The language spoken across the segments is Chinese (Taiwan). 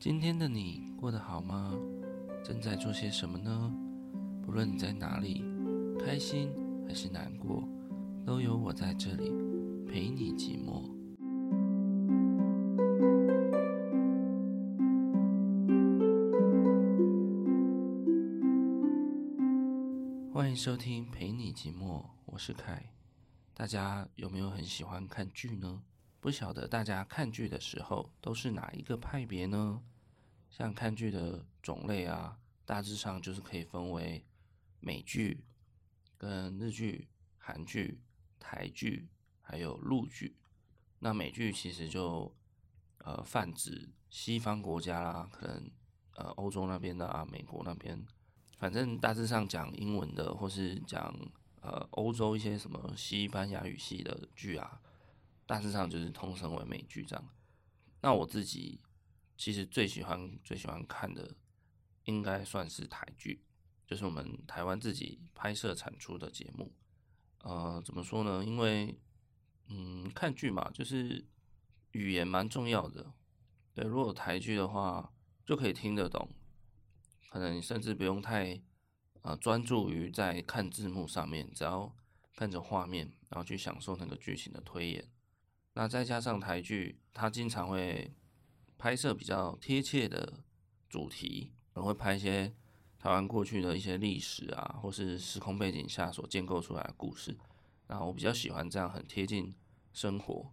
今天的你過得好嗎？正在做些什麼呢？不論你在哪裡，開心還是難過，都有我在這裡陪你寂寞。歡迎收聽《陪你寂寞》，我是凱。大家有沒有很喜歡看劇呢？不曉得大家看劇的時候都是哪一個派別呢？像看劇的種類啊，大致上就是可以分為美劇跟日劇、韓劇、台劇，還有陸劇。那美劇其實就呃泛指西方國家啦，可能呃歐洲那邊的啊，美國那邊，反正大致上講英文的，或是講呃歐洲一些什麼西班牙語系的劇啊。大致上就是通稱為美劇這樣。那我自己其實最喜歡最喜歡看的，應該算是台劇，就是我們台灣自己拍攝產出的節目。呃，怎麼說呢？因為，嗯，看劇嘛，就是語言蠻重要的。對，如果有台劇的話，就可以聽得懂，可能你甚至不用太啊呃專注於在看字幕上面，只要看着畫面，然後去享受那個劇情的推演。那再加上台劇，它經常會拍攝比較貼切的主題，然後會拍一些台灣過去的一些歷史啊，或是時空背景下所建構出來的故事。然後我比較喜歡這樣很貼近生活、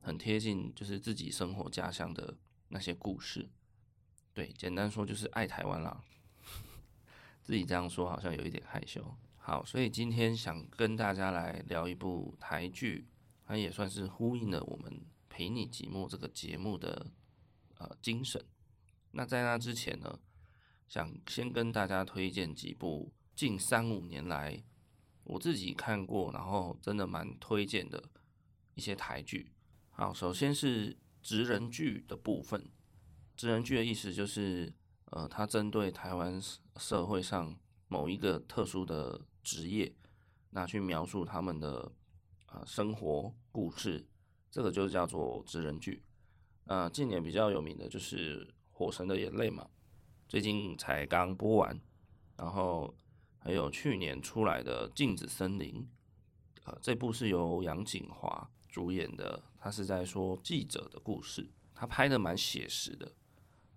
很貼近就是自己生活家鄉的那些故事。對，簡單說就是愛台灣啦。 自己這樣說好像有一點害羞。好，所以今天想跟大家來聊一部台劇。它也算是呼應了我們陪你寂寞這個節目的呃精神。那在那之前呢，想先跟大家推薦幾部近三五年來我自己看過，然後真的蠻推薦的一些台劇。好，首先是職人劇的部分。職人劇的意思就是，呃，它針對台灣社會上某一個特殊的職業，那去描述他們的。啊，生活故事，這個就叫做職人劇。呃，近年比較有名的就是《火神的眼淚》嘛，最近才剛播完，然後還有去年出來的《鏡子森林》。呃，這部是由楊謹華主演的，他是在說記者的故事，他拍得蠻寫實的。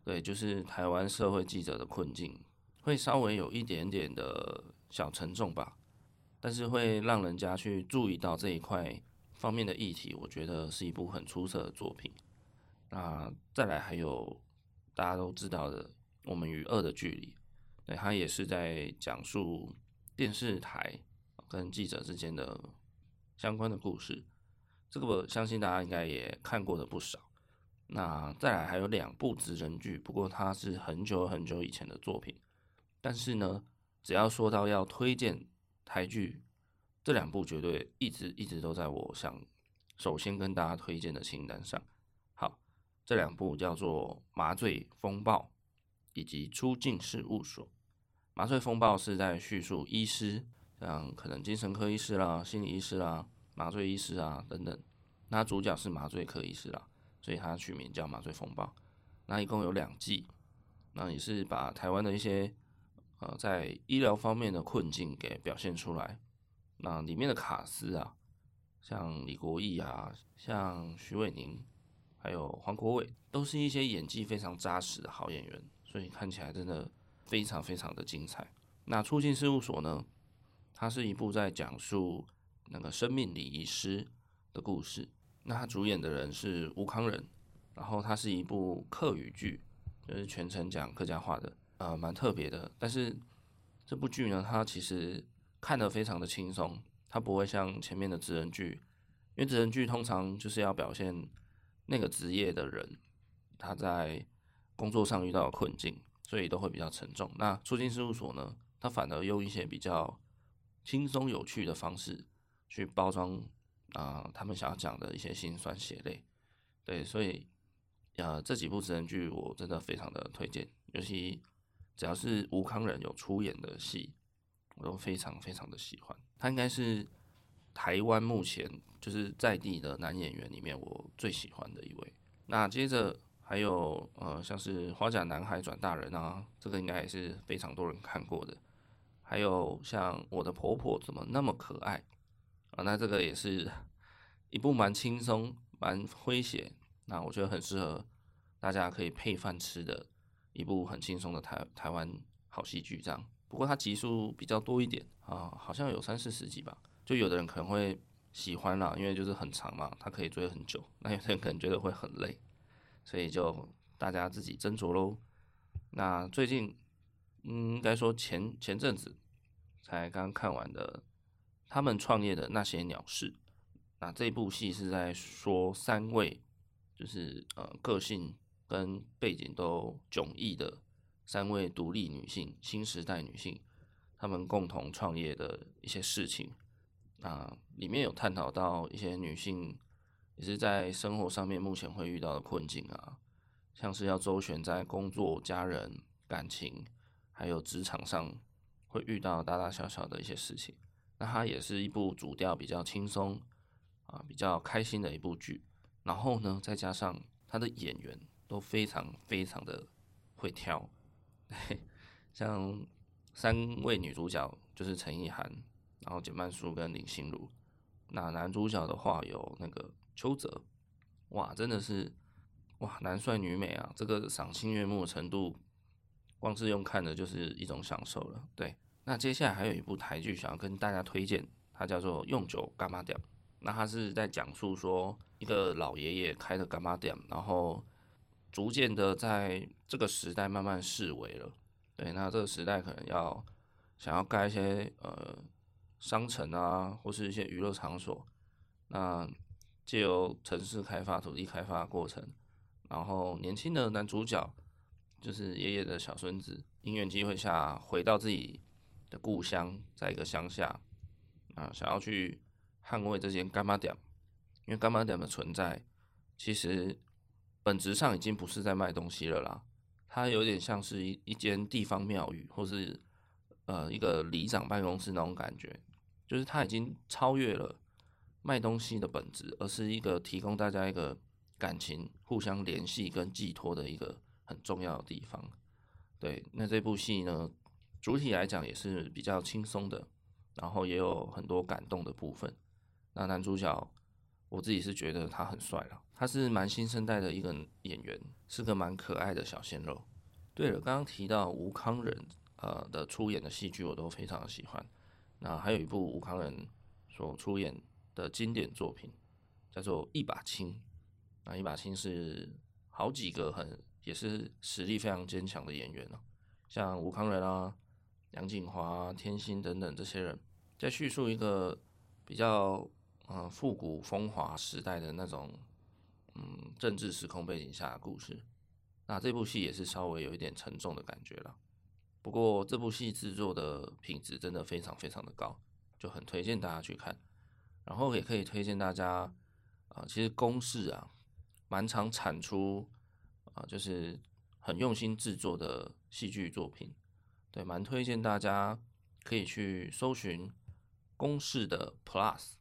對，就是台灣社會記者的困境，會稍微有一點點的小沉重吧。但是會讓人家去注意到這一塊方面的議題，我覺得是一部很出色的作品。那再來還有大家都知道的《我們與惡的距離》，對，它也是在講述電視台跟記者之間的相關的故事。這個我相信大家應該也看過的不少。那再來還有兩部職人劇，不過它是很久很久以前的作品。但是呢，只要說到要推薦，台劇這兩部絕對一直一直都在我想首先跟大家推薦的清單上。好，這兩部叫做《麻醉風暴》以及《出境事務所》。《麻醉風暴》是在敘述醫師，像可能精神科醫師啦、心理醫師啦、麻醉醫師啊等等。那主角是麻醉科醫師啦，所以它取名叫《麻醉風暴》。那一共有兩季，那也是把台灣的一些。呃，在醫療方面的困境給表現出來。那裡面的卡司啊，像李國毅啊，像許瑋甯，還有黃國偉，都是一些演技非常扎實的好演員，所以看起來真的非常非常的精彩。那《出境事務所》呢，它是一部在講述那個生命禮儀師的故事。那他主演的人是吳慷仁，然後他是一部客語劇，就是全程講客家話的。呃，蠻特別的，但是這部劇呢，它其實看得非常的輕鬆，它不會像前面的職人劇，因為職人劇通常就是要表現那個職業的人他在工作上遇到困境，所以都會比較沉重。那出境事務所呢，它反而用一些比較輕鬆有趣的方式去包裝啊、呃，他們想要講的一些心酸血淚。對，所以呃，這幾部職人劇我真的非常的推薦，尤其。只要是吳慷仁有出演的戲，我都非常非常的喜歡。他應該是台灣目前就是在地的男演員裡面我最喜歡的一位。那接着還有呃，像是《花甲男孩轉大人》啊，這個應該也是非常多人看過的。還有像《我的婆婆怎麼那麼可愛》啊，那這個也是一部蠻輕鬆、蠻詼諧，那我覺得很適合大家可以配飯吃的。一部很輕鬆的台台灣好戲劇這樣，不過它集數比較多一點啊，好像有三四十集吧，就有的人可能會喜歡啦，因為就是很長嘛，他可以追很久。那有的人可能覺得會很累，所以就大家自己斟酌嘍。那最近，嗯，應該說前前陣子才剛看完的《他們創業的那些鳥事》，那這部戲是在說三位就是呃個性。跟背景都迥異的三位獨立女性、新時代女性，她們共同創業的一些事情啊，裡面有探討到一些女性也是在生活上面目前會遇到的困境啊，像是要周旋在工作、家人、感情，還有職場上會遇到大大小小的一些事情。那它也是一部主調比較輕鬆啊、比較開心的一部劇。然後呢，再加上她的演員。都非常非常的會挑，像三位女主角就是陳意涵，然後簡嫚書跟林心如。那男主角的話有那個邱澤，哇，真的是哇，男帥女美啊，這個賞心悅目的程度，光是用看的就是一種享受了。對，那接下來還有一部台劇想要跟大家推薦，它叫做《用九柑仔店》。那它是在講述說一個老爺爺開的柑仔店，然後。逐漸的，在這個時代慢慢式微了。對，那這個時代可能要想要蓋一些呃商城啊，或是一些娛樂場所。那藉由城市開發、土地開發過程，然後年輕的男主角就是爺爺的小孫子，因緣機會下回到自己的故鄉，在一個鄉下啊，想要去捍衛這些柑仔店，因為柑仔店的存在，其實。本質上已經不是在賣東西了啦，它有點像是一一間地方廟宇，或是呃一個里長辦公室那種感覺，就是它已經超越了賣東西的本質，而是一個提供大家一個感情、互相聯繫跟寄托的一個很重要的地方。對，那這部戲呢，主體來講也是比較輕鬆的，然後也有很多感動的部分。那男主角。我自己是覺得他很帥了，他是蠻新生代的一個演員，是個蠻可愛的小鮮肉。對了，剛剛提到吳慷仁、呃，的出演的戲劇我都非常的喜歡。那還有一部吳慷仁所出演的經典作品，叫做《一把青》。那《一把青》是好幾個很也是實力非常堅強的演員哦、啊，像吳慷仁啊、楊謹華、啊、天心等等這些人，在敘述一個比較。嗯，復古風華時代的那種，嗯，政治時空背景下的故事，那這部戲也是稍微有一點沉重的感覺了。不過這部戲製作的品質真的非常非常的高，就很推薦大家去看。然後也可以推薦大家啊，其實公視啊，蠻常產出啊，就是很用心製作的戲劇作品，對，蠻推薦大家可以去搜尋公視的 Plus。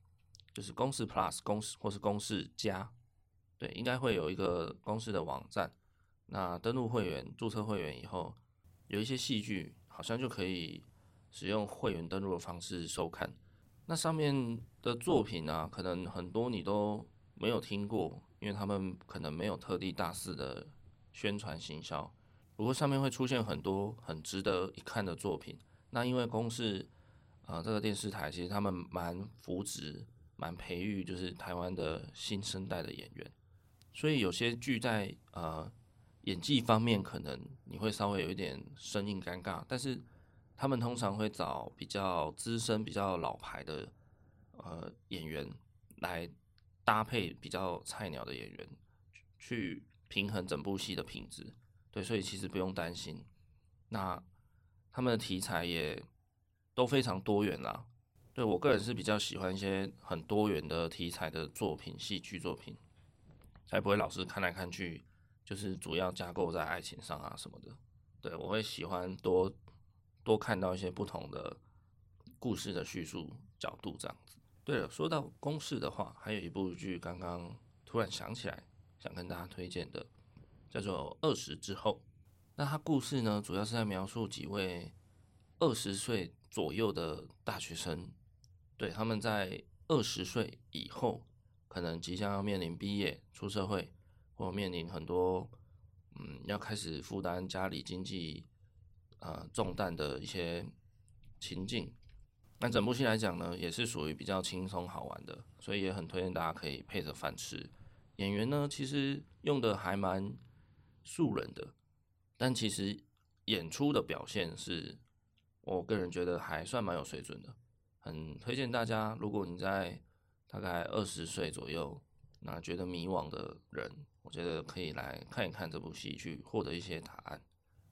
就是公司 Plus 公司或是公司加，對，應該會有一個公司的網站。那登錄會員、注冊會員以後，有一些戲劇好像就可以使用會員登錄的方式收看。那上面的作品呢、啊，可能很多你都沒有聽過，因為他們可能沒有特地大肆的宣傳行銷。不過上面會出現很多很值得一看的作品。那因為公司啊、呃，這個電視台其實他們蠻扶植。蠻培育就是台灣的新生代的演員，所以有些劇在呃演技方面可能你會稍微有一點生硬尷尬，但是他們通常會找比較資深、比較老牌的呃演員來搭配比較菜鳥的演員，去平衡整部戲的品質。對，所以其實不用擔心。那他們的題材也都非常多元啦。對，我個人是比較喜歡一些很多元的題材的作品，戲劇作品，才不會老是看來看去，就是主要架構在愛情上啊什麼的。對，我會喜歡多多看到一些不同的故事的敘述角度這樣子。對了，說到公視的話，還有一部劇剛剛突然想起來想跟大家推薦的，叫做《二十之後》。那它故事呢，主要是在描述幾位二十歲左右的大學生。對，他們在二十歲以後，可能即將要面臨畢業、出社會，或面臨很多，嗯，要開始負擔家裡經濟，啊、呃，重擔的一些情境。那整部戲來講呢，也是屬於比較輕鬆好玩的，所以也很推薦大家可以配着飯吃。演員呢，其實用的還蠻素人的，但其實演出的表現是，我個人覺得還算蠻有水準的。很推薦大家，如果你在大概二十歲左右，那覺得迷惘的人，我覺得可以來看一看這部戲，去獲得一些答案。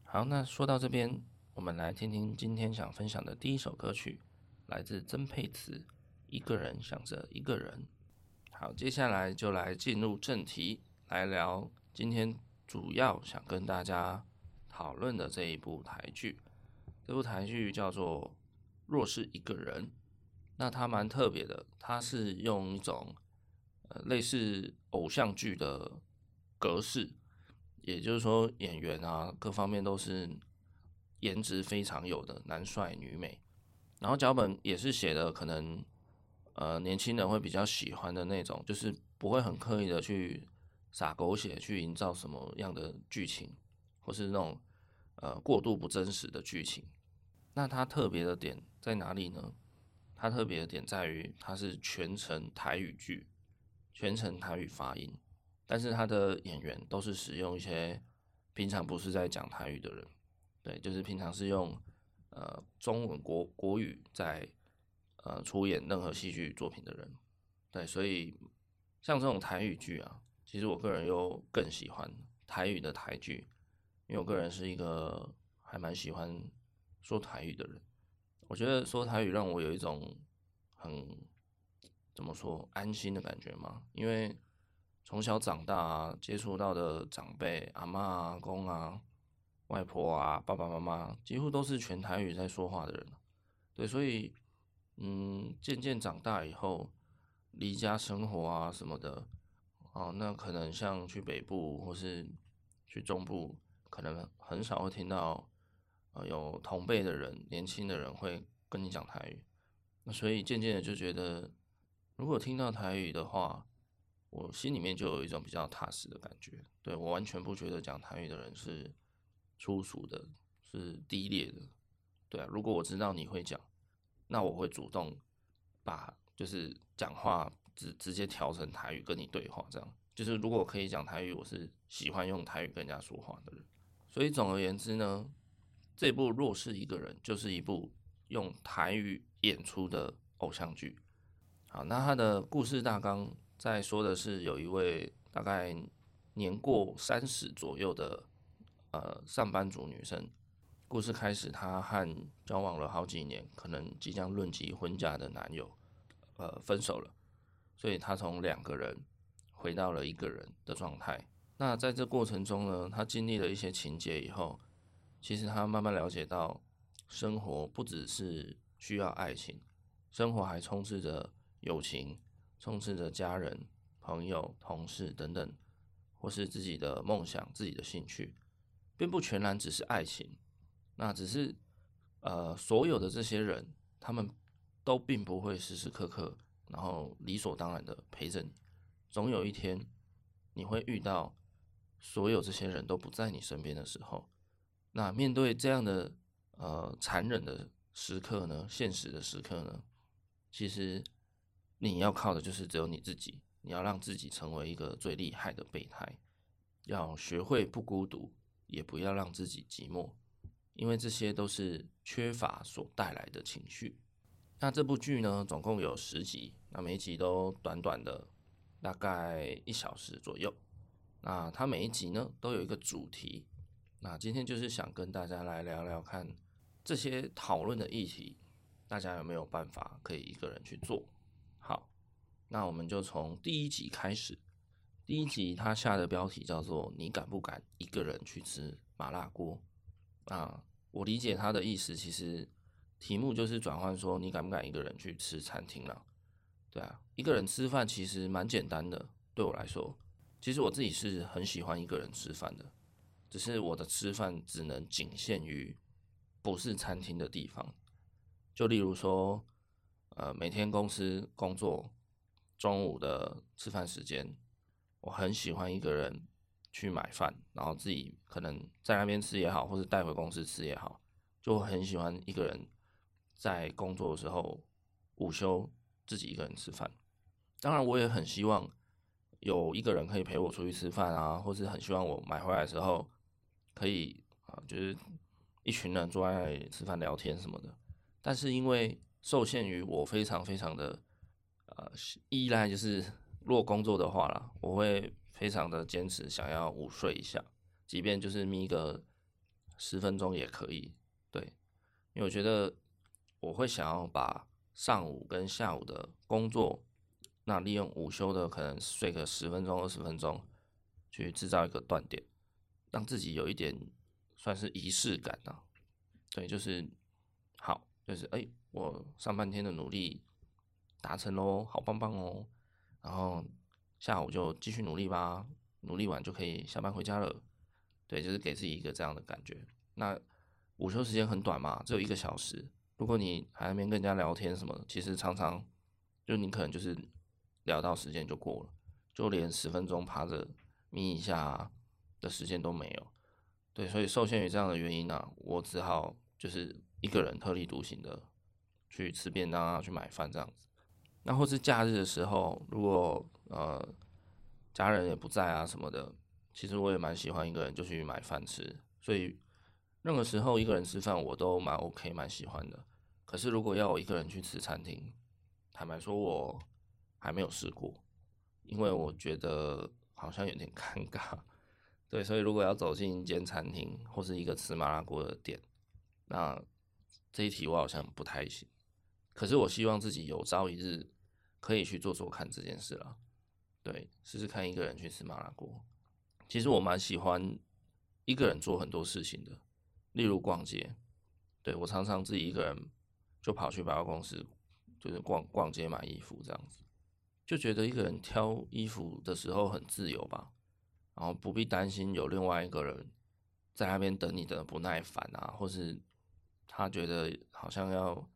好，那說到這邊，我們來聽聽今天想分享的第一首歌曲，來自曾沛慈，《一個人想着一個人》。好，接下來就來進入正題，來聊今天主要想跟大家討論的這一部台劇。這部台劇叫做《若是一個人》。那他蠻特別的，他是用一種類似偶像劇的格式，也就是說演員啊各方面都是顏值非常有的，男帥女美，然後腳本也是寫的可能呃年輕人會比較喜歡的那種，就是不會很刻意的去撒狗血去營造什麼樣的劇情，或是那種呃過度不真實的劇情。那他特別的點在哪裡呢？他特別的點在於，他是全程台語劇，全程台語發音，但是他的演員都是使用一些平常不是在講台語的人，對，就是平常是用呃中文國國語在呃出演任何戲劇作品的人，對，所以像這種台語劇啊，其實我個人又更喜歡台語的台劇，因為我個人是一個還蠻喜歡說台語的人。我覺得說台語讓我有一種很怎麼說安心的感覺嘛，因為從小長大，啊、接觸到的長輩阿媽啊、公啊、外婆啊、爸爸媽媽，幾乎都是全台語在說話的人，對，所以嗯，漸漸長大以後離家生活啊什麼的，哦，啊，那可能像去北部或是去中部，可能很少會聽到。呃，有同輩的人、年輕的人會跟你講台語，那所以漸漸的就覺得，如果聽到台語的話，我心裡面就有一種比較踏實的感覺。對，我完全不覺得講台語的人是粗俗的，是低劣的。對啊，如果我知道你會講，那我會主動把就是講話直直接調成台語跟你對話，這樣。就是如果可以講台語，我是喜歡用台語跟人家說話的人。所以總而言之呢，這部《若是一個人》就是一部用台語演出的偶像劇。好，那他的故事大綱在說的是，有一位大概年過三十左右的呃上班族女生。故事開始，她和交往了好幾年，可能即將論及婚嫁的男友，呃，分手了。所以她從兩個人回到了一個人的狀態。那在這過程中呢，她經歷了一些情節以後。其實他慢慢了解到，生活不只是需要愛情，生活還充斥着友情，充斥着家人、朋友、同事等等，或是自己的夢想、自己的興趣，並不全然只是愛情。那只是，呃，所有的這些人，他們都並不會時時刻刻，然後理所當然的陪着你。總有一天，你會遇到所有這些人都不在你身邊的時候。那面對這樣的呃殘忍的時刻呢，現實的時刻呢，其實你要靠的就是只有你自己，你要讓自己成為一個最厲害的備胎，要學會不孤獨，也不要讓自己寂寞，因為這些都是缺乏所帶來的情緒。那這部劇呢，總共有十集，那每一集都短短的大概一小時左右，那它每一集呢都有一個主題。那今天就是想跟大家來聊聊看這些討論的議題，大家有沒有辦法可以一個人去做？好，那我們就從第一集開始。第一集他下的標題叫做“你敢不敢一個人去吃麻辣鍋？”啊，我理解他的意思，其實題目就是轉換說“你敢不敢一個人去吃餐廳了？”對啊，一個人吃飯其實蠻簡單的，對我來說，其實我自己是很喜歡一個人吃飯的。只是我的吃飯只能僅限於不是餐廳的地方，就例如說，呃，每天公司工作，中午的吃飯時間，我很喜歡一個人去買飯，然後自己可能在那邊吃也好，或是帶回公司吃也好，就很喜歡一個人在工作的時候午休，自己一個人吃飯。當然，我也很希望有一個人可以陪我出去吃飯啊，或是很希望我買回來的時候。可以啊，呃，就是一群人坐在那裡吃飯聊天什麼的。但是因為受限於我非常非常的呃依賴，就是落工作的話啦，我會非常的堅持想要午睡一下，即便就是眯個十分鐘也可以。對，因為我覺得我會想要把上午跟下午的工作，那利用午休的可能睡個十分鐘、二十分鐘，去制造一個斷點。讓自己有一點算是儀式感啊，對，就是好，就是哎、欸，我上半天的努力達成咯，好棒棒哦。然後下午就繼續努力吧，努力完就可以下班回家了。對，就是給自己一個這樣的感覺。那午休時間很短嘛，只有一個小時。如果你還沒跟人家聊天什麼，其實常常就你可能就是聊到時間就過了，就連十分鐘趴着眯一下、啊。的時間都沒有，對，所以受限於這樣的原因呢啊，我只好就是一個人特立獨行的去吃便當啊，去買飯這樣子。那或是假日的時候，如果呃家人也不在啊什麼的，其實我也蠻喜歡一個人就去買飯吃。所以任何時候一個人吃飯我都蠻 OK，蠻喜歡的。可是如果要我一個人去吃餐廳，坦白說，我還沒有試過，因為我覺得好像有點尷尬。對，所以如果要走進一間餐廳或是一個吃麻辣鍋的店，那這一題我好像不太行。可是我希望自己有朝一日可以去做做看這件事啦。對，試試看一個人去吃麻辣鍋。其實我蠻喜歡一個人做很多事情的，例如逛街。對，我常常自己一個人就跑去百貨公司，就是逛逛街買衣服這樣子，就覺得一個人挑衣服的時候很自由吧。然後不必擔心有另外一個人在那邊等你的不耐煩啊，或是他覺得好像要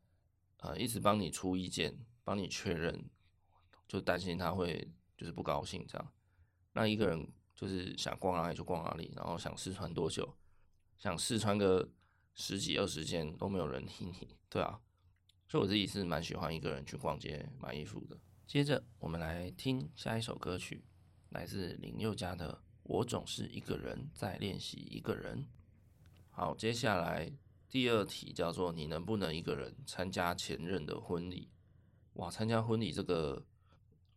呃一直幫你出意見、幫你確認，就擔心他會就是不高興這樣。那一個人就是想逛哪裡就逛哪裡，然後想試穿多久，想試穿個十幾二十件都沒有人理你，對啊。所以我自己是蠻喜歡一個人去逛街買衣服的。接着我們來聽下一首歌曲，來自林宥嘉的。我總是一個人在練習一個人。好，接下來第二題叫做你能不能一個人參加前任的婚禮？哇，參加婚禮這個，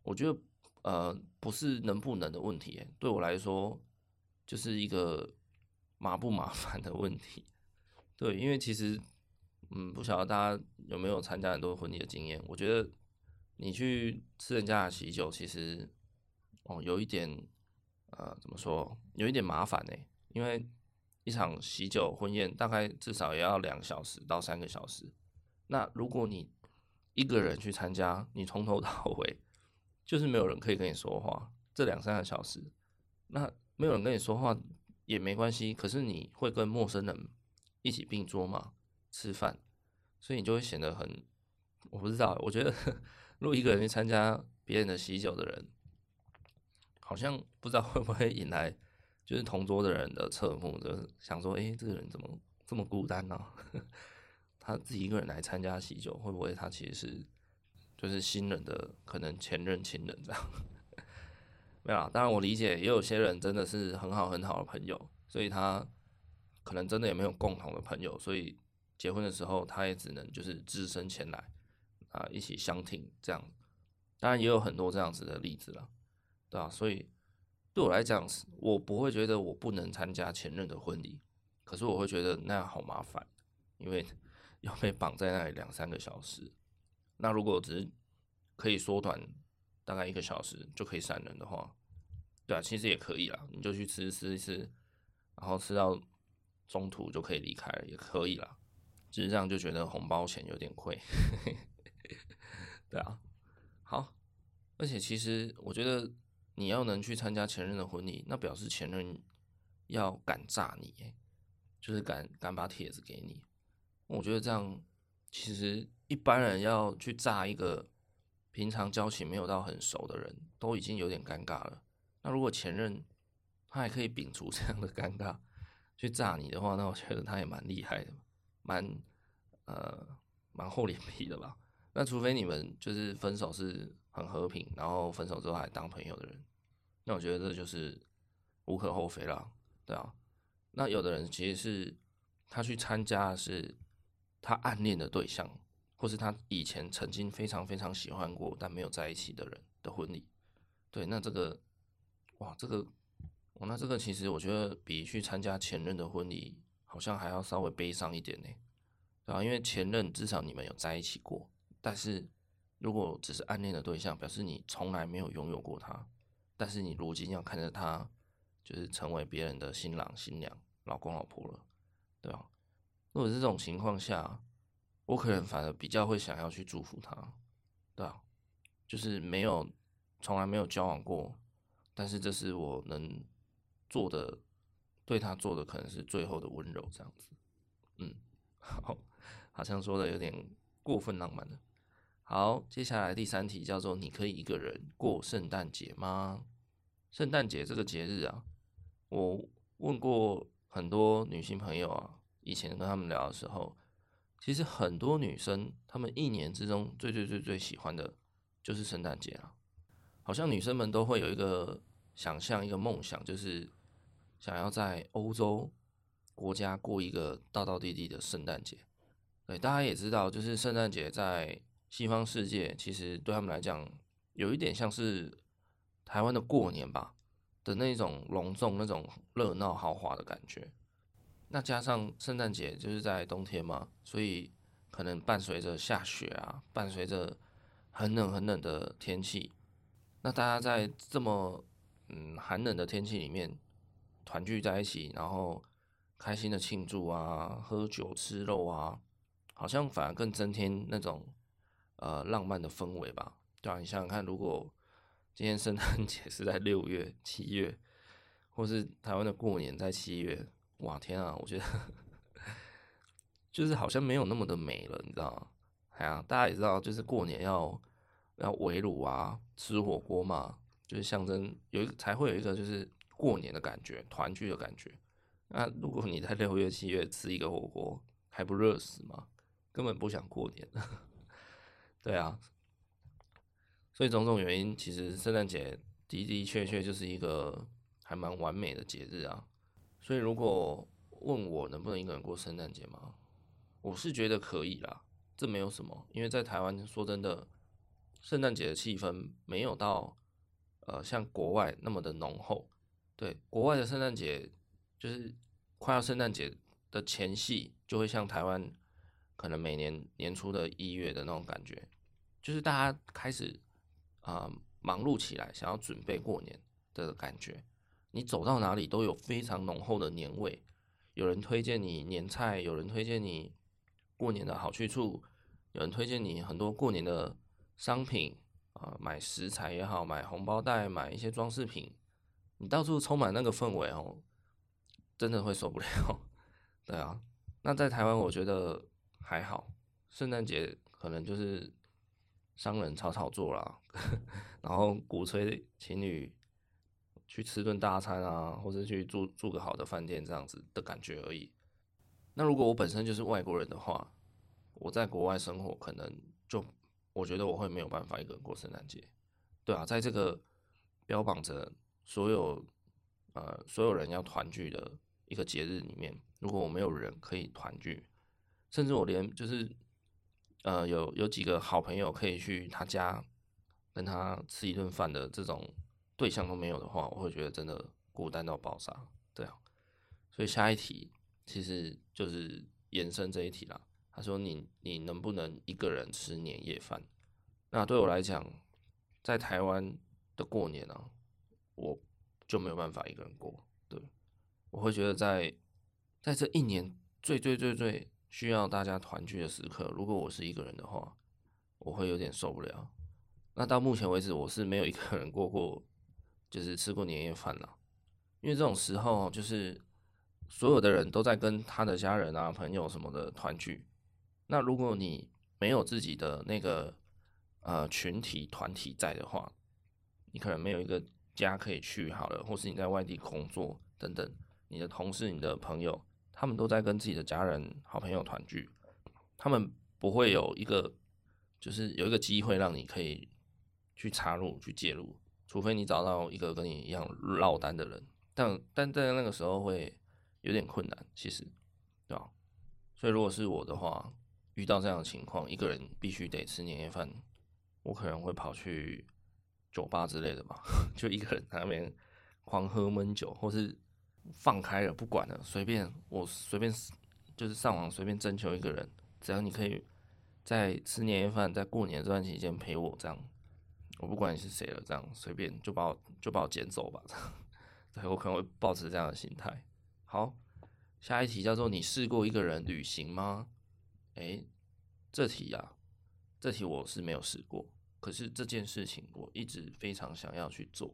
我覺得呃不是能不能的問題耶，對我來說就是一個麻不麻煩的問題。對，因為其實嗯不曉得大家有沒有參加很多婚禮的經驗，我覺得你去吃人家的喜酒，其實哦有一點。呃，怎麼說？有一點麻煩呢，因為一場喜酒婚宴大概至少也要兩小時到三個小時。那如果你一個人去參加，你從頭到尾就是沒有人可以跟你說話，這兩三個小時，那沒有人跟你說話也沒關係。可是你會跟陌生人一起併桌嘛吃飯？所以你就會顯得很……我不知道，我覺得如果一個人去參加別人的喜酒的人。好像不知道會不會引來，就是同桌的人的側目，就是想說，哎、欸，這個人怎麼這麼孤單呢、啊？ 他自己一個人來參加喜酒，會不會他其實是就是新人的可能前任情人這樣？ 沒有啦，當然我理解，也有些人真的是很好很好的朋友，所以他可能真的也沒有共同的朋友，所以結婚的時候他也只能就是只身前來啊，一起相挺這樣。當然也有很多這樣子的例子啦。對啊，所以對我來講，我不會覺得我不能參加前任的婚禮，可是我會覺得那樣好麻煩，因為要被綁在那裡兩三個小時。那如果我只是可以縮短大概一個小時就可以閃人的話，對啊，其實也可以啦，你就去吃吃一吃，然後吃到中途就可以離開了也可以啦。只是這樣就覺得紅包錢有點虧， 對啊。好，而且其實我覺得。你要能去參加前任的婚禮，那表示前任要敢炸你誒，就是敢敢把帖子給你。我覺得這樣，其實一般人要去炸一個平常交情沒有到很熟的人都已經有點尷尬了。那如果前任他還可以摒除這樣的尷尬去炸你的話，那我覺得他也蠻厲害的，蠻呃蠻厚臉皮的吧？那除非你們就是分手是。很和平，然後分手之後還當朋友的人，那我覺得這就是無可厚非了，對啊。那有的人其實是他去參加的是他暗戀的對象，或是他以前曾經非常非常喜歡過但沒有在一起的人的婚禮，對，那這個哇，這個哇，那這個其實我覺得比去參加前任的婚禮好像還要稍微悲傷一點呢，對啊，因為前任至少你們有在一起過，但是。如果只是暗戀的對象，表示你從來沒有擁有過他，但是你如今要看着他，就是成為別人的新郎新娘，老公老婆了，對吧？如果是這種情況下，我可能反而比較會想要去祝福他，對吧？就是沒有，從來沒有交往過，但是這是我能做的，對他做的可能是最後的溫柔這樣子。嗯，好，好像說的有點過分浪漫了。好，接下來第三題叫做：你可以一個人過聖誕節嗎？聖誕節這個節日啊，我問過很多女性朋友啊，以前跟她們聊的時候，其實很多女生她們一年之中最最最最喜歡的，就是聖誕節了啊。好像女生們都會有一個想象，一個夢想，就是想要在歐洲國家過一個道道地地的聖誕節。對，大家也知道，就是聖誕節在。西方世界，其實對他們來講，有一點像是台灣的過年吧，的那種隆重、那種熱鬧、豪華的感覺。那加上聖誕節就是在冬天嘛，所以可能伴隨着下雪啊，伴隨着很冷很冷的天氣，那大家在這麼嗯寒冷的天氣裡面團聚在一起，然後開心的慶祝啊，喝酒吃肉啊，好像反而更增添那種，呃，浪漫的氛圍吧，對啊，你想想看，如果今天聖誕節是在六月、七月，或是台灣的過年在七月，哇天啊，我覺得就是好像沒有那麼的美了，你知道嗎？大家也知道，就是過年要要圍爐啊，吃火鍋嘛，就是象徵有一個才會有一個就是過年的感覺，團聚的感覺。那、啊、如果你在六月、七月吃一個火鍋，還不熱死嗎？根本不想過年。對啊，所以種種原因，其實聖誕節的的確確就是一個還蠻完美的節日啊。所以如果問我能不能一個人過聖誕節嗎？我是覺得可以啦，這沒有什麼，因為在台灣說真的，聖誕節的氣氛沒有到呃像國外那麼的濃厚。對，國外的聖誕節就是快要聖誕節的前夕，就會像台灣。可能每年年初的一月的那種感覺，就是大家開始啊、呃、忙碌起來，想要準備過年的感覺。你走到哪裡都有非常濃厚的年味，有人推薦你年菜，有人推薦你過年的好去處，有人推薦你很多過年的商品啊、呃，買食材也好，買紅包袋，買一些裝飾品，你到處充滿那個氛圍哦，真的會受不了。 對啊，那在台灣，我覺得。還好，聖誕節可能就是商人炒炒作啦，呵呵，然後鼓吹情侶去吃頓大餐啊，或者去住住個好的飯店這樣子的感覺而已。那如果我本身就是外國人的話，我在國外生活，可能就我覺得我會沒有辦法一個人過聖誕節，對啊，在這個標榜着所有呃所有人要團聚的一個節日裡面，如果我沒有人可以團聚。甚至我連就是，呃，有有幾個好朋友可以去他家跟他吃一頓飯的這種對象都沒有的話，我會覺得真的孤單到爆炸，對啊。所以下一題其實就是延伸這一題啦。他說，你你能不能一個人吃年夜飯？那對我來講，在台灣的過年啊，我就沒有辦法一個人過。對，我會覺得在在這一年最最最最需要大家團聚的時刻，如果我是一個人的話，我會有點受不了。那到目前為止，我是沒有一個人過過，就是吃過年夜飯了。因為這種時候，就是所有的人都在跟他的家人啊、朋友什麼的團聚。那如果你沒有自己的那個呃、群體團體在的話，你可能沒有一個家可以去好了，或是你在外地工作等等，你的同事、你的朋友。他們都在跟自己的家人、好朋友團聚，他們不會有一個，就是有一個機會讓你可以去插入、去介入，除非你找到一個跟你一樣落單的人，但但在那個時候會有點困難，其實，對吧？所以如果是我的話，遇到這樣的情況，一個人必須得吃年夜飯，我可能會跑去酒吧之類的吧，就一個人在那邊狂喝悶酒，或是。放開了，不管了，隨便我隨便，就是上網隨便徵求一個人，只要你可以在吃年夜飯、在過年這段時間陪我，這樣，我不管你是誰了，這樣隨便就把我就把我撿走吧， 對我可能會保持這樣的心態。好，下一題叫做你試過一個人旅行嗎？哎、欸，這題啊，這題我是沒有試過，可是這件事情我一直非常想要去做，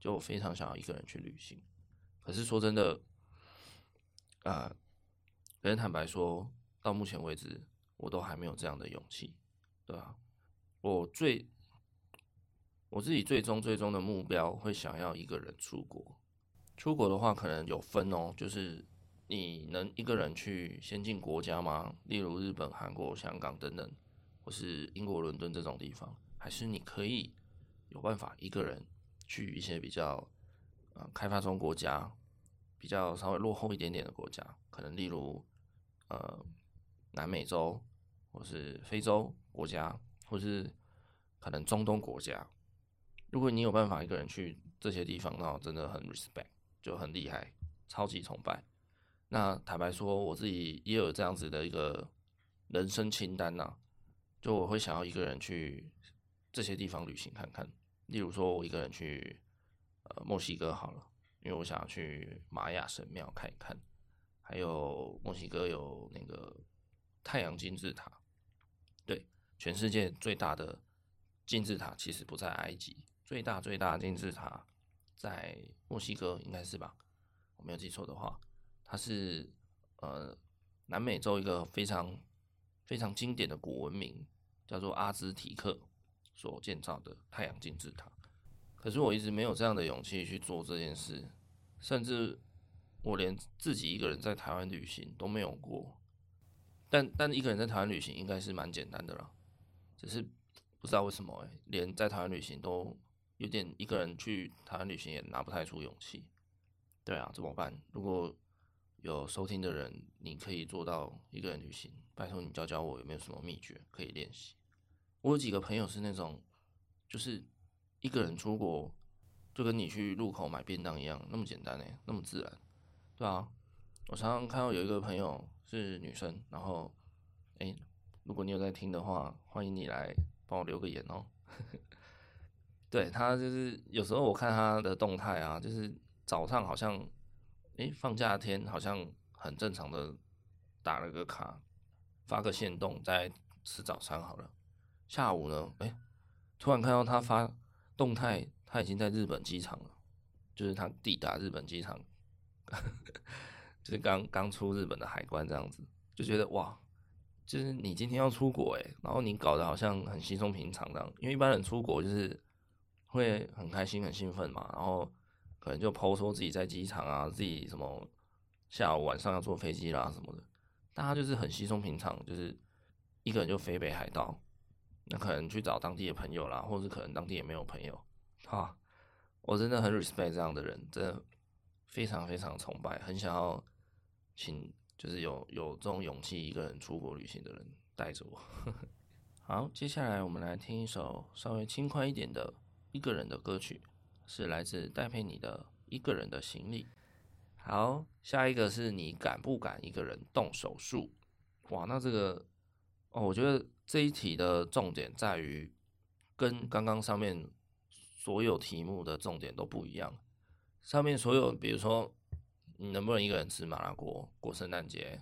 就我非常想要一個人去旅行。可是說真的，啊、呃，人坦白說，到目前為止，我都還沒有這樣的勇氣，對吧、啊？我最，我自己最終最終的目標，會想要一個人出國。出國的話，可能有分哦，就是你能一個人去先進國家嗎？例如日本、韓國、香港等等，或是英國倫敦這種地方，還是你可以有辦法一個人去一些比較，呃，開發中國家，比較稍微落後一點點的國家，可能例如呃南美洲或是非洲國家，或是可能中東國家。如果你有辦法一個人去這些地方，那我真的很 respect，就很厲害，超級崇拜。那坦白說，我自己也有這樣子的一個人生清單吶，就我會想要一個人去這些地方旅行看看。例如說，我一個人去。呃，墨西哥好了，因為我想要去瑪雅神廟看一看，還有墨西哥有那個太陽金字塔。對，全世界最大的金字塔其實不在埃及，最大最大的金字塔在墨西哥，應該是吧？我沒有記錯的話，它是呃南美洲一個非常非常經典的古文明，叫做阿茲提克所建造的太陽金字塔。可是我一直沒有這樣的勇氣去做這件事，甚至我連自己一個人在台灣旅行都沒有過。但但一個人在台灣旅行應該是蠻簡單的了，只是不知道為什麼哎、欸，連在台灣旅行都有點，一個人去台灣旅行也拿不太出勇氣。對啊，怎麼辦？如果有收聽的人，你可以做到一個人旅行，拜託你教教我有沒有什麼秘訣可以練習。我有幾個朋友是那種，就是。一個人出國，就跟你去路口買便當一樣，那麼簡單呢、欸？那麼自然，對啊。我常常看到有一個朋友，是女生，然後，誒、欸，如果你有在聽的話，歡迎你來幫我留個言哦、喔。 對，她就是有時候我看她的動態啊，就是早上好像，哎、欸，放假天好像很正常的打了個卡，發個限動，再吃早餐好了。下午呢，哎、欸，突然看到她發。動態他已經在日本機場了，就是他抵達日本機場， 就是剛剛出日本的海關這樣子，就覺得哇，就是你今天要出國哎、欸，然後你搞得好像很稀鬆平常這樣，因為一般人出國就是會很開心很興奮嘛，然後可能就 po 說自己在機場啊，自己什麼下午晚上要坐飛機啦、啊、什麼的，但他就是很稀鬆平常，就是一個人就飛北海道。那可能去找當地的朋友啦，或者是可能當地也沒有朋友。哈、啊，我真的很 respect 這樣的人，真的非常非常崇拜，很想要請就是有有這種勇氣一個人出國旅行的人帶着我。 好，接下來我們來聽一首稍微輕快一點的一個人的歌曲，是來自戴佩妮的《一個人的行李》。好，下一個是你敢不敢一個人動手術？哇，那這個哦，我覺得。這一題的重點在於，跟剛剛上面所有題目的重點都不一樣。上面所有，比如說，你能不能一個人吃麻辣鍋、過聖誕節、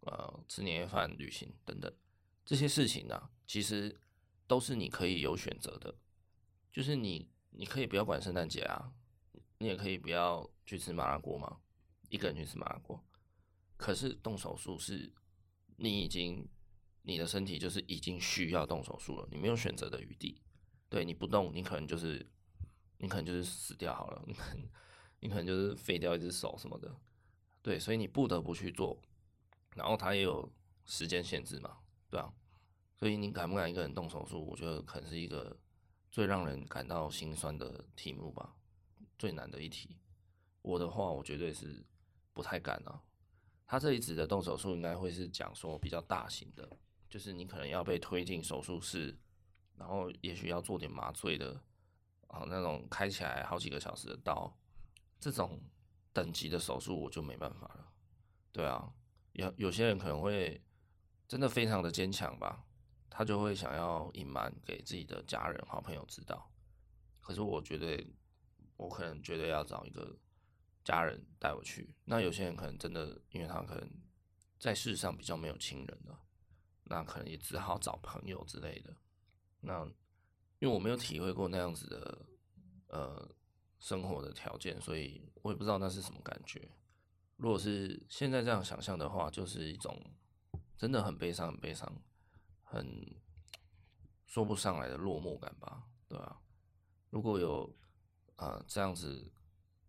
呃，吃年夜飯、旅行等等這些事情呢、啊，其實都是你可以有選擇的。就是你，你可以不要管聖誕節啊，你也可以不要去吃麻辣鍋嘛。一個人去吃麻辣鍋，可是動手術是，你已經。你的身體就是已經需要動手術了，你沒有選擇的餘地。對，你不動，你可能就是你可能就是死掉好了，你，你可能就是廢掉一隻手什麼的。對，所以你不得不去做。然後他也有時間限制嘛，對吧？所以你敢不敢一個人動手術？我覺得可能是一個最讓人感到心酸的題目吧，最難的一題。我的話，我絕對是不太敢了。他這裡指的動手術，應該會是講說比較大型的。就是你可能要被推進手術室，然後也許要做點麻醉的，啊，那種開起來好幾個小時的刀，這種等級的手術我就沒辦法了。對啊，有有些人可能會真的非常的堅強吧，他就會想要隱瞞給自己的家人好朋友知道。可是我覺得我可能絕對要找一個家人帶我去。那有些人可能真的因為他可能在世上比較沒有親人了。那可能也只好找朋友之類的。那因為我沒有體會過那樣子的呃生活的條件，所以我也不知道那是什麼感覺。如果是現在這樣想象的話，就是一種真的很悲傷、很悲傷、很說不上來的落寞感吧，對吧、啊？如果有啊、呃、這樣子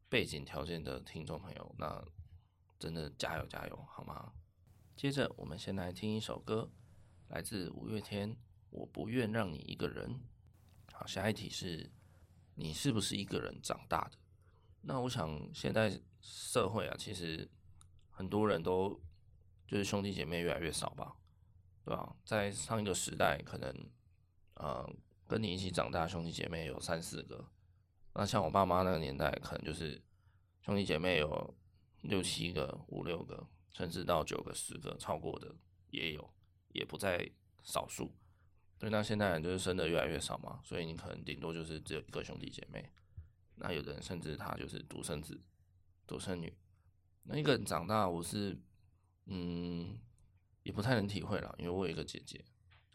背景條件的聽眾朋友，那真的加油加油，好嗎？接着我們先來聽一首歌。來自五月天，我不願讓你一個人。好，下一題是：你是不是一個人長大的？那我想，現在社會啊，其實很多人都就是兄弟姐妹越來越少吧，對吧？在上一個時代，可能呃跟你一起長大兄弟姐妹有三四個。那像我爸媽那個年代，可能就是兄弟姐妹有六七個、五六個、甚至到九個、十個，超過的也有。也不在少數，對。那現代人就是生的越來越少嘛，所以你可能頂多就是只有一個兄弟姐妹。那有的人甚至他就是獨生子、獨生女。那一個人長大，我是嗯，也不太能體會了，因為我有一個姐姐。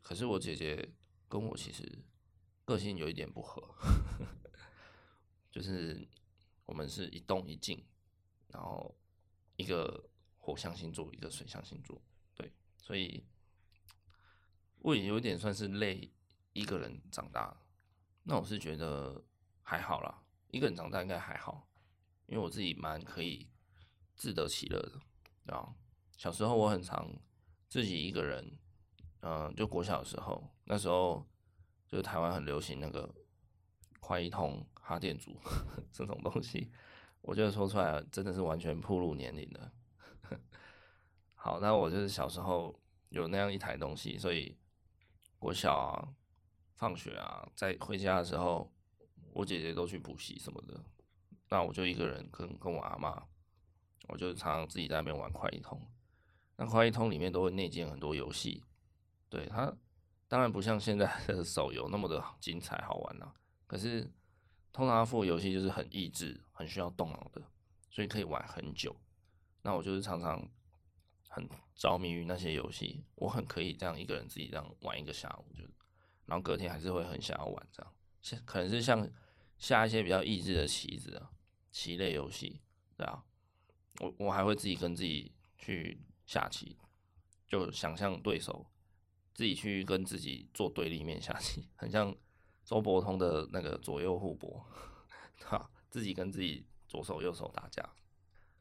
可是我姐姐跟我其實個性有一點不合呵呵，就是我們是一動一靜，然後一個火象星座，一個水象星座，對，所以。也有點算是累，一個人長大，那我是覺得還好啦，一個人長大應該還好，因為我自己蠻可以自得其樂的。然後小時候我很常自己一個人，嗯、呃，就國小的時候，那時候就是台灣很流行那個快譯通哈電族這種東西，我覺得說出來真的是完全暴露年齡的。好，那我就是小時候有那樣一台東西，所以。我小啊，放學啊，在回家的時候，我姐姐都去補習什麼的，那我就一個人跟跟我阿媽，我就常常自己在那邊玩快譯通。那快譯通裡面都會內建很多遊戲，對它當然不像現在的手遊那麼的精彩好玩啦、啊。可是通常它附的遊戲就是很益智，很需要動腦的，所以可以玩很久。那我就是常常。很着迷於那些遊戲，我很可以這樣一個人自己這樣玩一個下午，就，然後隔天還是會很想要玩這樣，像可能是像下一些比較益智的棋子啊，棋類遊戲，對啊，我我還會自己跟自己去下棋，就想象對手，自己去跟自己做對立面下棋，很像周伯通的那個左右互搏， 對啊，自己跟自己左手右手打架，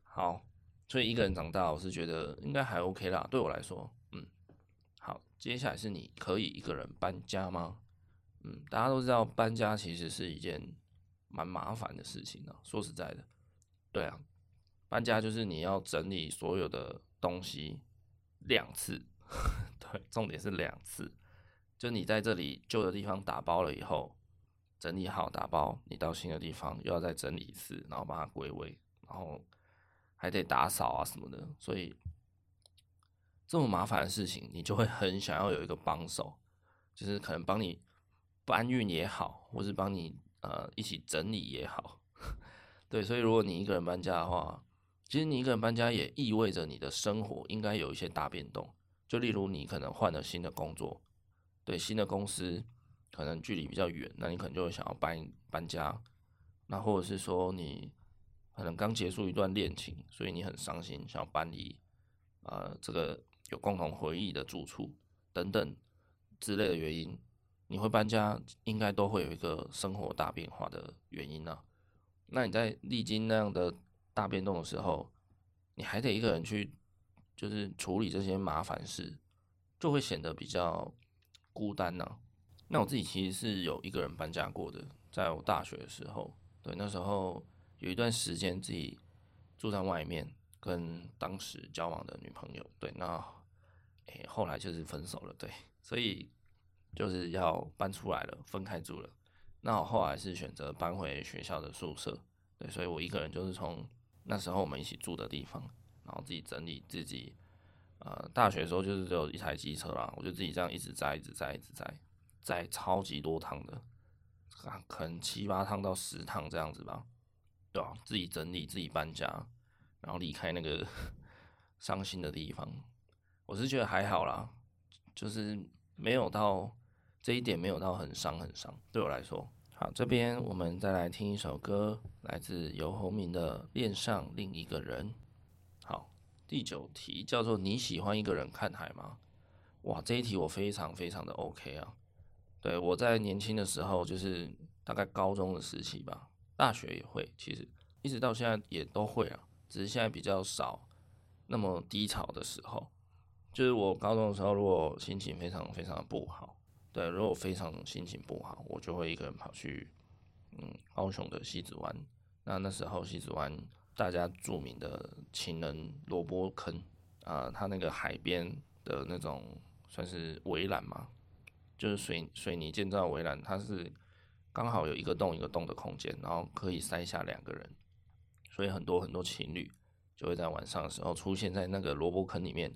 好。所以一個人長大，我是覺得應該還 OK 啦，對我來說。嗯，好，接下來是你可以一個人搬家嗎？嗯，大家都知道搬家其實是一件蠻麻煩的事情的啊。說實在的，對啊，搬家就是你要整理所有的東西兩次，呵呵，對，重點是兩次，就你在這裡舊的地方打包了以後，整理好打包，你到新的地方又要再整理一次，然後把它歸位，然後。還得打掃啊什麼的，所以這麼麻煩的事情，你就會很想要有一個幫手，就是可能幫你搬運也好，或是幫你呃一起整理也好。對，所以如果你一個人搬家的話，其實你一個人搬家也意味着你的生活應該有一些大變動，就例如你可能換了新的工作，對新的公司可能距離比較遠，那你可能就會想要搬搬家，那或者是說你，可能剛結束一段戀情，所以你很傷心，想要搬離，呃，這個有共同回憶的住處等等之類的原因，你會搬家，應該都會有一個生活大變化的原因啊。那你在歷經那樣的大變動的時候，你還得一個人去，就是處理這些麻煩事，就會顯得比較孤單呢。那我自己其實是有一個人搬家過的，在我大學的時候，對，那時候。有一段時間自己住在外面，跟當時交往的女朋友，對，那誒、欸、後來就是分手了對，所以就是要搬出來了，分開住了。那我後來是選擇搬回學校的宿舍，對，所以我一個人就是從那時候我們一起住的地方，然後自己整理自己。呃，大學的時候就是只有一台機車啦，我就自己這樣一直，一直載、一直載、一直載，載超級多趟的，可能七八趟到十趟這樣子吧。對啊，自己整理自己搬家，然後離開那個傷心的地方，我是覺得還好啦，就是沒有到這一點，沒有到很傷很傷。對我來說，好，這邊我們再來聽一首歌，來自游鴻明的《戀上另一個人》。好，第九題叫做你喜歡一個人看海嗎？哇，這一題我非常非常的 OK 啊。對，我在年輕的時候，就是大概高中的時期吧。大學也會，其實一直到現在也都會啊，只是現在比較少。那麼低潮的時候，就是我高中的時候，如果心情非常非常的不好，對，如果非常心情不好，我就會一個人跑去，嗯，高雄的西子灣。那那時候西子灣大家著名的情人蘿蔔坑啊、呃，它那個海邊的那種算是圍欄嘛，就是水水泥建造圍欄，它是。剛好有一個洞一個洞的空間，然後可以塞下兩個人，所以很多很多情侶就會在晚上的時候出現在那個蘿蔔坑裡面，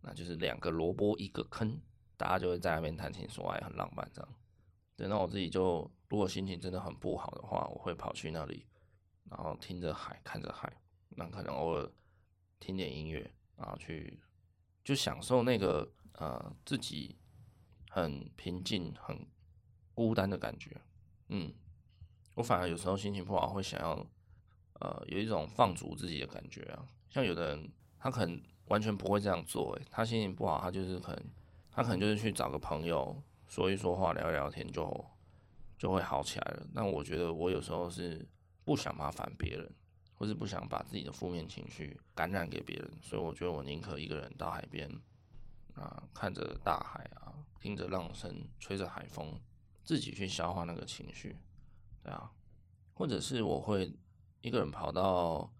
那就是兩個蘿蔔一個坑，大家就會在那邊談情說愛，很浪漫這樣。對，那我自己就如果心情真的很不好的話，我會跑去那裡，然後聽着海，看着海，那可能偶爾聽點音樂，然後去就享受那個呃自己很平靜、很孤單的感覺。嗯，我反而有時候心情不好會想要，呃，有一種放逐自己的感覺啊。像有的人，他可能完全不會這樣做。欸，誒，他心情不好，他就是可能，他可能就是去找個朋友說一說話，聊一聊天就就會好起來了。那我覺得我有時候是不想麻煩別人，或是不想把自己的負面情緒感染給別人，所以我覺得我寧可一個人到海邊，啊，看着大海啊，聽着浪聲，吹着海風。自己去消化那個情緒，對啊，或者是我會一個人跑到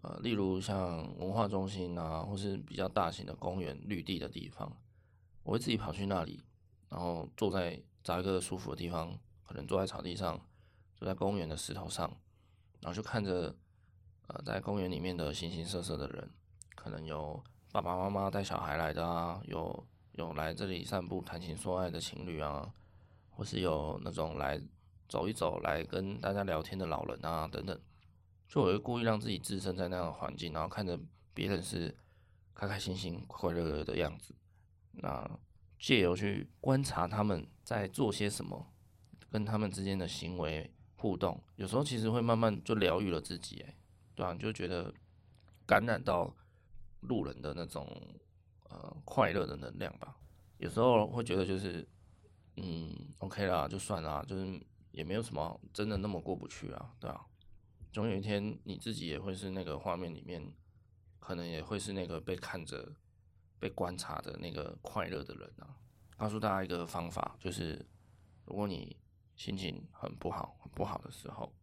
呃，例如像文化中心啊，或是比較大型的公園、綠地的地方，我會自己跑去那裡，然後坐在找一個舒服的地方，可能坐在草地上，坐在公園的石頭上，然後就看着呃，在公園裡面的形形色色的人，可能有爸爸媽媽帶小孩來的啊，有有來這裡散步、談情說愛的情侶啊。或是有那種來走一走、來跟大家聊天的老人啊等等，就我會故意讓自己置身在那樣的環境，然後看着別人是開開心心、快快樂樂的樣子，那借由去觀察他們在做些什麼，跟他們之間的行為互動，有時候其實會慢慢就療癒了自己，哎，對啊，你就覺得感染到路人的那種呃快樂的能量吧，有時候會覺得就是。嗯，OK 了，就算了，就是也沒有什麼真的那麼過不去啊，對啊。總有一天你自己也會是那個畫面裡面，可能也會是那個被看着、被觀察的那個快樂的人啊。告訴大家一個方法，就是如果你心情很不好、很不好的時候，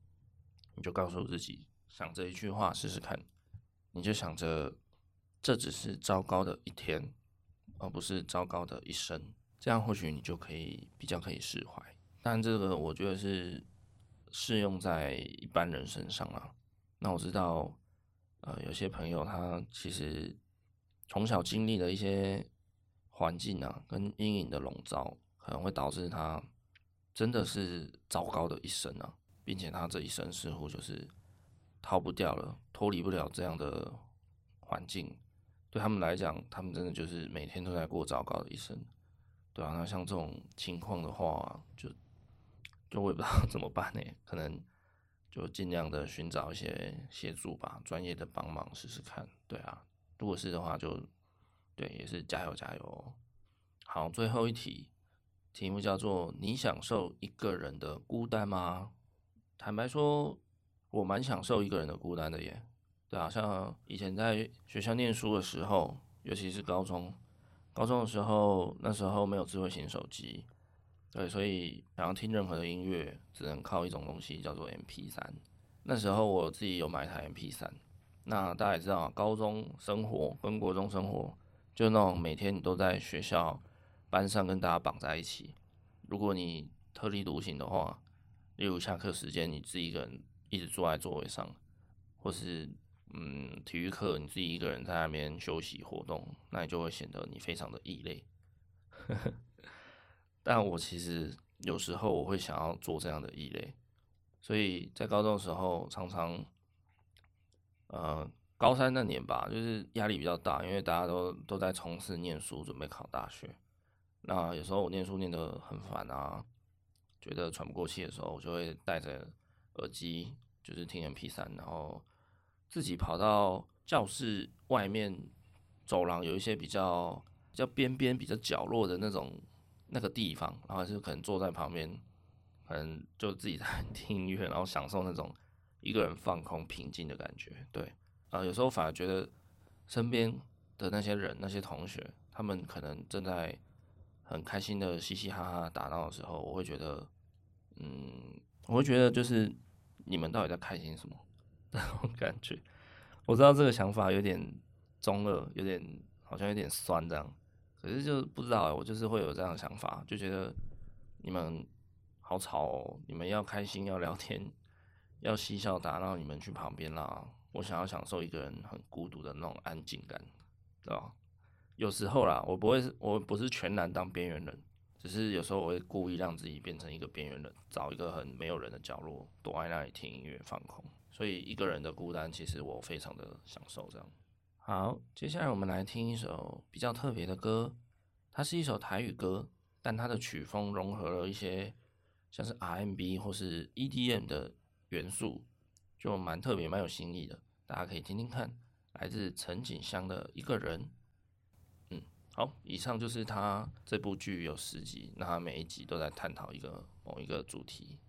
你就告訴自己，想着一句話試試看，你就想着這只是糟糕的一天，而不是糟糕的一生。這樣或許你就可以比較可以釋懷，但這個我覺得是適用在一般人身上啊。那我知道，呃，有些朋友他其實從小經歷了一些環境啊，跟陰影的籠罩，可能會導致他真的是糟糕的一生啊，並且他這一生似乎就是逃不掉了，脫離不了這樣的環境。對他們來講，他們真的就是每天都在過糟糕的一生。對啊，那像這種情況的話，就就我也不知道怎麼辦呢。可能就儘量的尋找一些協助吧，專業的幫忙試試看。對啊，如果是的話就，就對，也是加油加油哦。好，最後一題，題目叫做“你享受一個人的孤單嗎？”坦白說，我蠻享受一個人的孤單的耶。對啊，像以前在學校唸書的時候，尤其是高中。高中的時候，那時候沒有智慧型手機，對，所以想要聽任何的音樂，只能靠一種東西叫做 MP3。那時候我自己有買一台 MP3。那大家也知道，高中生活跟國中生活，就那種每天你都在學校班上跟大家綁在一起。如果你特立獨行的話，例如下課時間你自己一個人一直坐在座位上，或是嗯，體育課你自己一個人在那邊休息活動，那你就會顯得你非常的異類。 但我其實有時候我會想要做這樣的異類，所以在高中的時候常常，呃，高三那年吧，就是壓力比較大，因為大家都都在從事念書，準備考大學。那有時候我念書念得很煩啊，覺得喘不過氣的時候，我就會戴着耳機，就是聽 MP3，然後。自己跑到教室外面走廊，有一些比較比較邊邊、比較角落的那種那個地方，然後就可能坐在旁邊，可能就自己在聽音樂，然後享受那種一個人放空、平靜的感覺。對，啊，有時候反而覺得身邊的那些人、那些同學，他們可能正在很開心的嘻嘻哈哈打鬧的時候，我會覺得，嗯，我會覺得就是你們到底在開心什麼？那 種感覺，我知道這個想法有點中二，有點好像有點酸這樣，可是就不知道，欸，我就是會有這樣的想法，就覺得你們好吵哦，你們要開心要聊天要嬉笑打鬧，你們去旁邊啦，我想要享受一個人很孤獨的那種安靜感，對吧？有時候啦，我不會是我不是全然當邊緣人，只是有時候我會故意讓自己變成一個邊緣人，找一個很沒有人的角落，躲在那裡聽音樂放空。所以一個人的孤單，其實我非常的享受這樣。好，接下來我們來聽一首比較特別的歌，它是一首台語歌，但它的曲風融合了一些像是 RMB 或是 EDM 的元素，就蠻特別、蠻有新意的。大家可以聽聽看，來自陳瑾緗的《一個人》。嗯，好，以上就是他這部劇有十集，那它每一集都在探討一個某一個主題。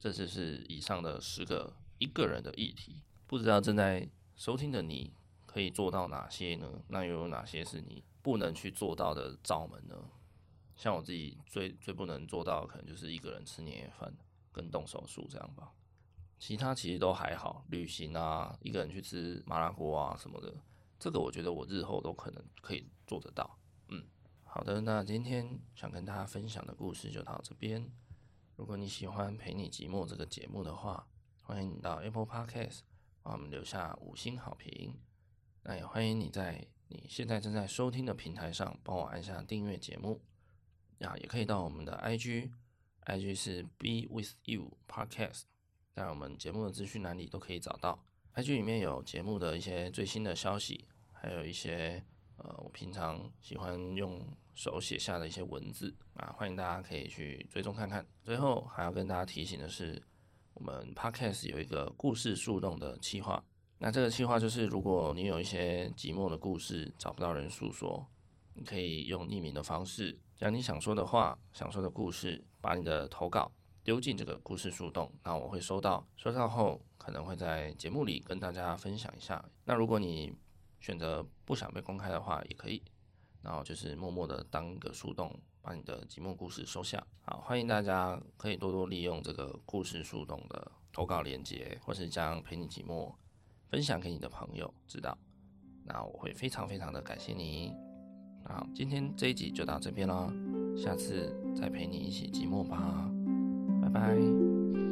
這次是以上的十個。一個人的議題，不知道正在收聽的你可以做到哪些呢？那又有哪些是你不能去做到的罩門呢？像我自己最最不能做到的，可能就是一個人吃年夜飯跟動手術這樣吧。其他其實都還好，旅行啊，一個人去吃麻辣鍋啊什麼的，這個我覺得我日後都可能可以做得到。嗯，好的，那今天想跟大家分享的故事就到這邊。如果你喜歡《陪你寂寞》這個節目的話，歡迎你到 Apple Podcast，啊，幫我們留下五星好評。那也歡迎你在你現在正在收聽的平台上幫我按下訂閱節目。啊，也可以到我們的 IG，IG IG 是 Be With You Podcast，在我們節目的資訊欄裡都可以找到。IG 裡面有節目的一些最新的消息，還有一些呃我平常喜歡用手寫下的一些文字啊，歡迎大家可以去追蹤看看。最後還要跟大家提醒的是，我們 Podcast 有一個故事樹洞的企劃，那這個計劃就是，如果你有一些寂寞的故事，找不到人訴說，你可以用匿名的方式，將你想說的話、想說的故事，把你的投稿丟進這個故事樹洞，那我會收到，收到後可能會在節目裡跟大家分享一下。那如果你選擇不想被公開的話，也可以，然後就是默默的當一個樹洞。把你的寂寞故事收下，好，歡迎大家可以多多利用這個故事樹洞的投稿鏈接，或是將陪你寂寞分享給你的朋友知道，那我會非常非常的感謝你。好，今天這一集就到這邊啦，下次再陪你一起寂寞吧，拜拜。